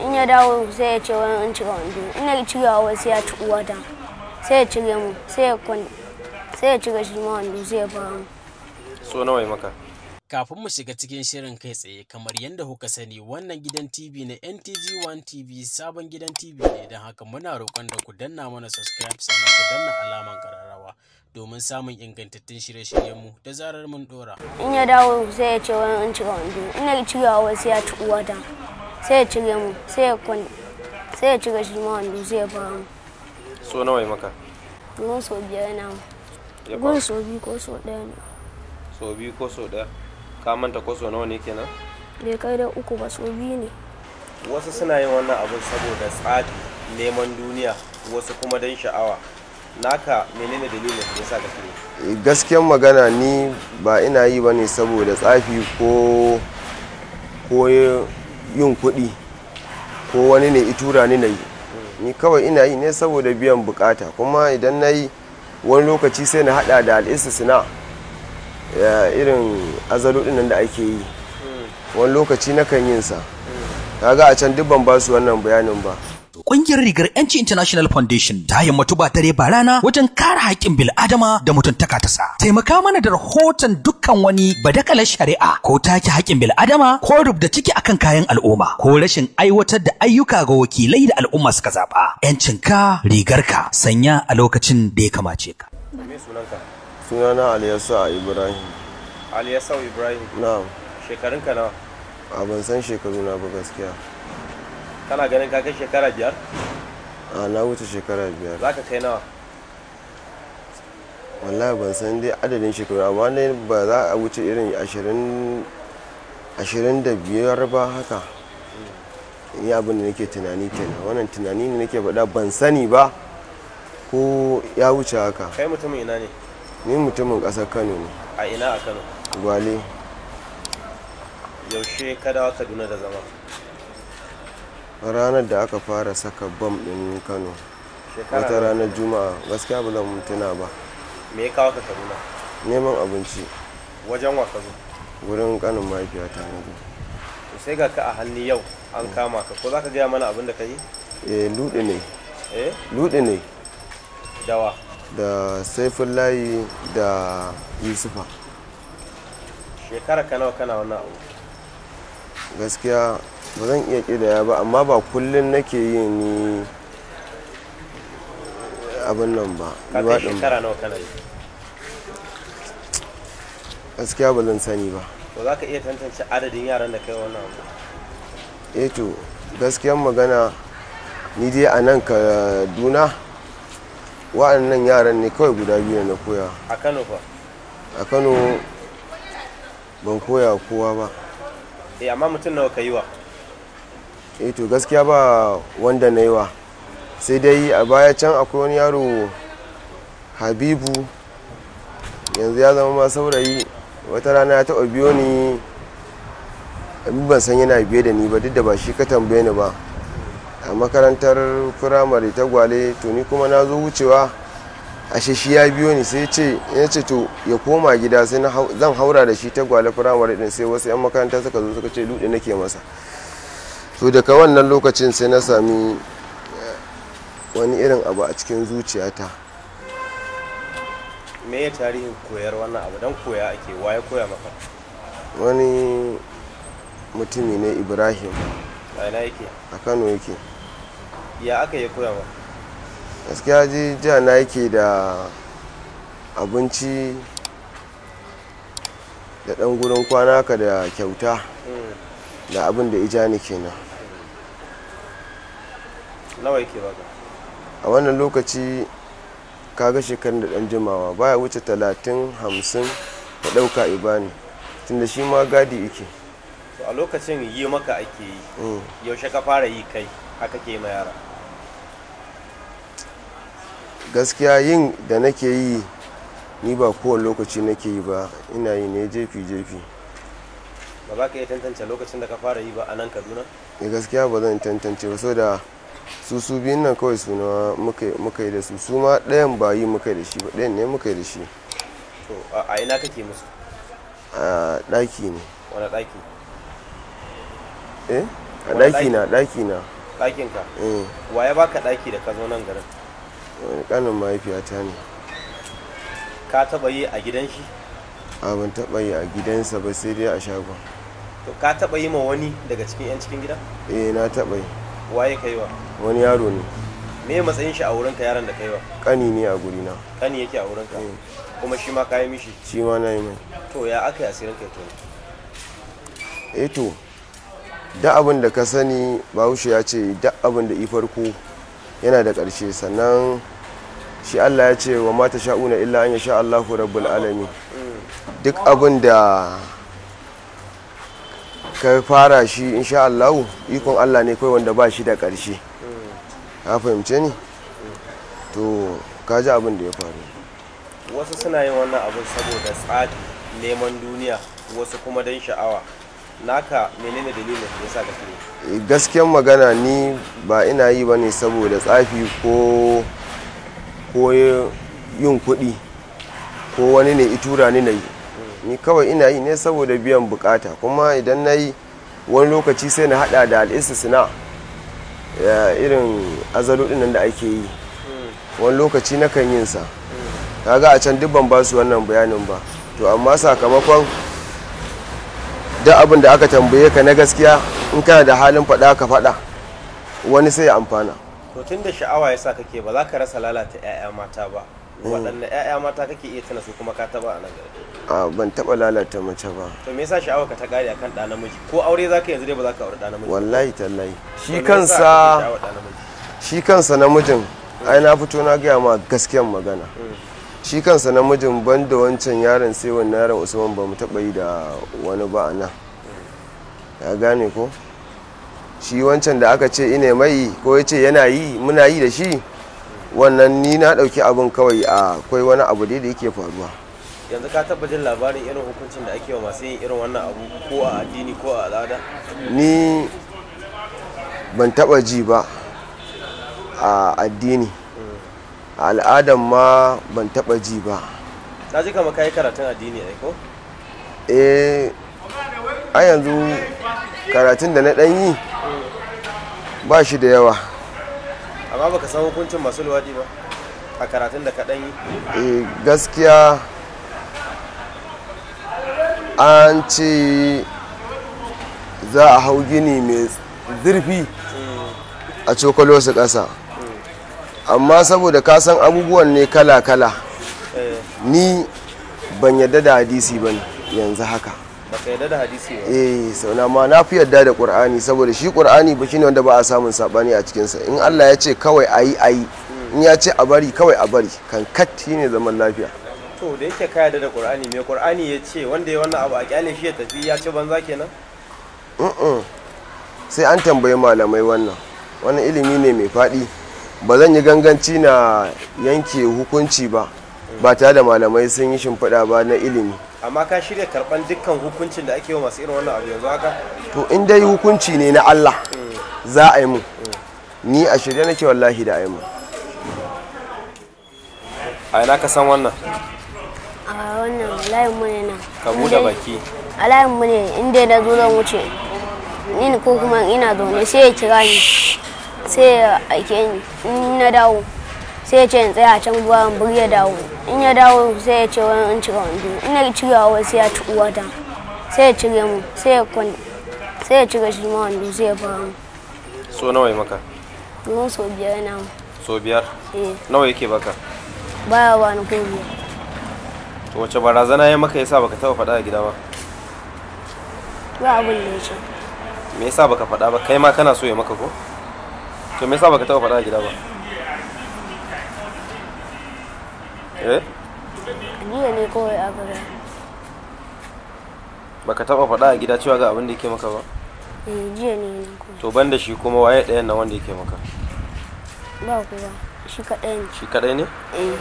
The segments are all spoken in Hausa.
in ya dawo sai ya ce wani in cire wando in ya cire wa sai ya ci uwata sai ya cire mu sai ya kwan sai ya cire shi ma sai ya fara so nawa yi maka kafin mu shiga cikin shirin kai tsaye kamar yadda kuka sani wannan gidan tv na ntg 1 tv sabon gidan tv ne don haka muna roƙon da ku danna mana subscribe sannan ku danna alaman kararrawa domin samun ingantattun shirye-shiryenmu da zarar mun dora in ya dawo sai ya ce wani in cire wando in ya cire wa sai ya ci uwata sai ya cire mu sai ya kwan sai ya cire shi ma wando zai ya fara so nawa yi maka gun so biyar na gun so biyu ko so ɗaya ne so biyu ko so ɗaya ka manta ko so nawa ne kenan bai kai da uku ba so biyu ne wasu suna yin wannan abin saboda tsari neman duniya wasu kuma don sha'awa naka menene dalilin da yasa ne? Gaskiyan magana ni ba ina yi bane saboda tsafi ko ko yin kuɗi ko wani ne itura ni na yi ni kawai ina yi ne saboda biyan bukata kuma idan na yi wani lokaci sai na hada da al'istisna irin azaludin da ake yi hmm. wani lokaci na kan yin sa kaga a can duk ban ba su wannan bayanin ba kungiyar rigar yanci international foundation ta yammatu ba dare ba rana wajen kare haƙƙin bil'adama da mutuntaka ta sa taimaka mana da rahoton dukkan wani badakalar shari'a ko take haƙƙin bil'adama ko rubda ciki akan kayan al'umma ko rashin aiwatar da ayyuka ga wakilai da al'umma suka zaɓa yancinka rigarka sanya a lokacin da ya kamace ka me sunanka sunana aliyasa ibrahim aliyasa ibrahim na'am shekarunka nawa a ban san shekaru na ba gaskiya kana ganin ka kai shekara biyar a na wuce shekara biyar za ka kai nawa wallahi ban san dai adadin shekaru amma ne ba za a wuce irin ashirin ashirin da biyar ba haka in yi abin da nake tunani kenan wannan tunani ne nake faɗa ban sani ba ko ya wuce haka kai mutumin ina ne ni mutumin ƙasar kano ne a ina a kano gwale yaushe ka dawo kaduna da zama ranar da aka fara saka bam din kano wata ranar juma'a gaskiya ba zan tuna ba me ya kawo ka kaduna neman abinci wajen wa ka zo wurin kanin mahaifiyata ta zo to sai ga ka a hannu yau an kama ka ko za ka gaya mana abin da ka yi eh lude ne eh lude ne dawa da saifin layi da yusufa shekara ka nawa kana wannan abu gaskiya ba zan iya ƙidaya ba amma ba kullum nake yi ni abin nan ba shekara nawa kana yi gaskiya ba zan sani ba ba za ka iya tantance adadin yaran da kai wannan abu eh to gaskiyan magana ni dai a nan kaduna wa'annan yaran ne kawai guda biyu na koya a kano ba a kano ban koya kowa ba eh amma mutum nawa ka yi wa eh to gaskiya ba wanda na yi wa sai dai a baya can akwai wani yaro habibu yanzu ya zama ma saurayi wata rana ya taɓa biyo ni ban san yana biye da ni ba duk da ba shi ka tambaye ni ba a makarantar firamare ta gwale to ni kuma na zo wucewa ashe shi ya biyo ni sai ce ya ce to ya koma gida sai zan haura da shi ta gwale firamare din sai wasu 'yan makaranta suka zo suka ce duɗe nake masa to daga wannan lokacin sai na sami eh, wani irin abu a cikin zuciyata me ya tarihin koyar wannan abu don koya ake waye koya maka wani mutumi ne ibrahim a a kano yake ya aka yi koya maka gaskiya ji jiya na yake da abinci da ɗan gurin kwana ka da kyauta da abin da ija ni kenan nawa yake a wannan lokaci ka ga shekarun da ɗan jimawa baya wuce talatin hamsin da ɗauka ibani tunda shi ma gadi yake a lokacin yi maka ake yi mm. yaushe ka fara yi kai haka ke ma yara gaskiya yin da nake yi ni ba kowane lokaci nake yi ba ina yi ne jefi jefi ba ba ka iya tantance lokacin da ka fara yi ba a nan kaduna ya eh, gaskiya ba zan tantance ba so da su biyun nan kawai suna muka yi da su su ma ɗayan ba yi muka yi da shi ba ɗayan ne muka yi da shi to a ina kake musu a ɗaki ne wani ɗaki eh a ɗaki na ɗaki na ɗakin ka eh wa ya baka ɗaki da ka zo nan garin wani kanin mahaifiyata ne ka taba yi a gidan shi abin ban taba yi a gidansa ba sai dai a shagon to ka taba yi ma wani daga cikin yan cikin gida eh na taba yi waye wa? wani yaro ne me matsayin shi a wurin ka yaron da wa? kani ne a guri na kani yake a wurin ka eh. kuma shi ma ka yi mishi shi ma na yi mai to ya aka yi asirin kai to eh to da abin da ka sani bahaushe ya ce da abin da ifarko farko yana da ƙarshe sannan shi Allah ya ce wa mata sha'una illa an sha Allahu rabbul alami duk abin da ka fara shi insha Allahu ikon Allah ne kai wanda ba shi da ƙarshe ka fahimce ni to ka ji abin da ya faru wasu suna yin wannan abin saboda tsari neman duniya wasu kuma don sha'awa naka menene dalilin da sa ka eh, gaskiyar magana ni ba ina yi ba ne saboda tsafi ko ko yin kuɗi ko wani ne itura ni na yi ni kawai ina yi ne saboda biyan bukata kuma idan na yi wani lokaci sai na hada da al'istisna eh, irin azaludin nan da ake yi hmm. wani lokaci na kan yinsa kaga a can duk ban ba wannan bayanin ba to amma sakamakon duk abin da aka tambaye ka na gaskiya in kana da halin faɗa ka faɗa wani sai ya amfana to tun da sha'awa ya sa kake ba za ka rasa lalata 'ya'ya mata ba mm. waɗanne 'ya'ya mata kake iya tana su kuma ka taɓa a nan a ban taɓa lalata mace ba to me yasa sha'awa ka ta gari akan ɗa namiji ko aure zaka yanzu dai ba za ka aure ɗa namiji wallahi tallahi shi kansa shi kansa namijin ai na fito na gaya ma gaskiyan magana mm. shi kansa namijin ban da wancan yaron sai wannan yaron usman ba mu taɓa yi da wani ba a nan ya gane ko shi wancan da aka ce ina mai ko ya ce yana yi muna yi da shi wannan ni na ɗauki abin kawai akwai wani abu da yake faruwa yanzu ka taba jin labarin irin hukuncin da ake wa masu yin irin wannan abu ko a addini ko a al'ada ni ban taɓa ji ba a addini al'adan ma ban taba ji ba na ji kama kai karatun addini ai ko eh a yanzu karatun da na dan yi ba shi da yawa amma baka san hukuncin masu luwadi ba a karatun da ka dan yi eh gaskiya an ce za a hau gini mai zurfi mm. a cokolo su ƙasa amma saboda ka san abubuwan ne kala-kala eh. ni ban yadda da hadisi ba yanzu haka baka yadda da hadisi ba eh, sauna ma na fi yadda da qur'ani saboda shi qur'ani ba shine wanda ba a samun sabani a cikinsa in Allah ya ce kawai ayi ayi in ya ce a bari kawai a bari kan katti ne zaman lafiya to da yake ka yadda da qur'ani me qur'ani ya ce wanda ya wannan abu a kyale shi ya tafi ya ce banza kenan un sai an tambayi malamai wannan wannan ilimi ne mai faɗi ba zan yi ganganci na yanke hukunci ba ba tare da malamai sun yi shimfiɗa ba na ilimi amma ka shirya karɓar dukkan hukuncin da ake yi masu irin wannan abu yanzu haka to in dai hukunci ne na Allah za a yi mu ni a shirye nake wallahi da a yi mu a ina ka san wannan a wannan layin mu ne na ka bude baki a layin mu ne inda na zo zan wuce ni ko kuma ina zaune sai ya kira ni sai ya aike ni na dawo sai ya ce in tsaya can bayan bur ya dawo in ya dawo sai ya ce wani in cika wando in na cirewa wai sai ya ci uwata sai ya cire mu sai ya kwanta sai ya cire shi ma wando sai ya fara mu so nawa yi maka mun so biyar na mu so biyar eh. nawa yake baka baya ba ni ko biyar to wace barazana ya maka yasa baka taba faɗa a gida ba ba abin da ya ce me yasa baka faɗa ba kai ma kana so ya maka ko to me yasa baka taba faɗa a gida ba eh jiya ne kawai a gaba baka taba faɗa a gida cewa ga abin da yake maka ba eh jiya ne to ban da shi kuma waye ɗayan nan wanda yake maka ba kuwa shi kadai ne shi kaɗai ne eh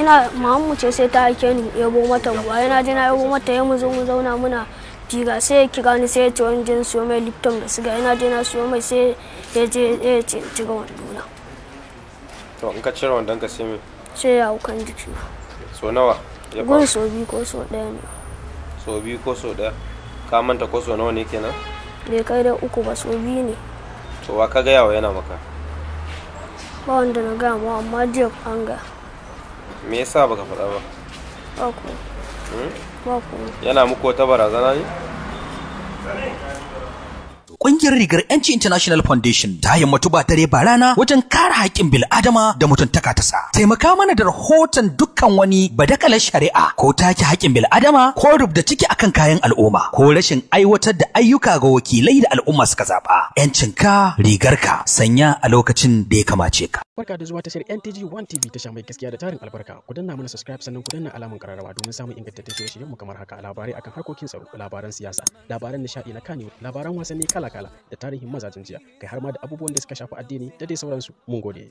ina mahammu ce sai ta aike ni yabo mata ruwa yana jina na yabo mata ya zo mu zauna muna jira sai ya gani sai ya ce wani jin siyo mai lipton da siga ina je na siyo mai sai ya je ya ce cire wandona to in ka cire wanda ka sai me sai ya hukan kan jiki so nawa ya gun so biyu ko so daya ne so biyu ko so daya ka manta ko so nawa ne kenan bai kai da uku ba so biyu ne to wa ka gaya wa yana maka ba wanda na gaya ma amma jiya an ga me yasa baka faɗa ba okay. Hmm? yana muku wata barazana ne Kungiyar Rigar Yanci International Foundation ta yammatu ba dare ba rana wajen kare haƙƙin adama da mutuntaka ta sa. Taimaka mana da rahoton dukkan wani badakalar shari'a ko take haƙƙin bil'adama ko rubda ciki akan kayan al'umma ko rashin aiwatar da ayyuka ga wakilai da al'umma suka zaɓa. Yancinka rigarka sanya a lokacin da ya kamace ka. Barka da zuwa tashar NTG 1 TV tasha mai gaskiya da tarin albarka. Ku danna mana subscribe sannan ku danna alamar kararrawa domin samun ingantaccen shirye mu kamar haka labarai akan harkokin tsaro, labaran siyasa, labaran nishaɗi na kanewa, labaran wasanni kala kala-kala da tarihin mazajen jiya kai har ma da abubuwan da suka shafi addini da dai sauransu mun gode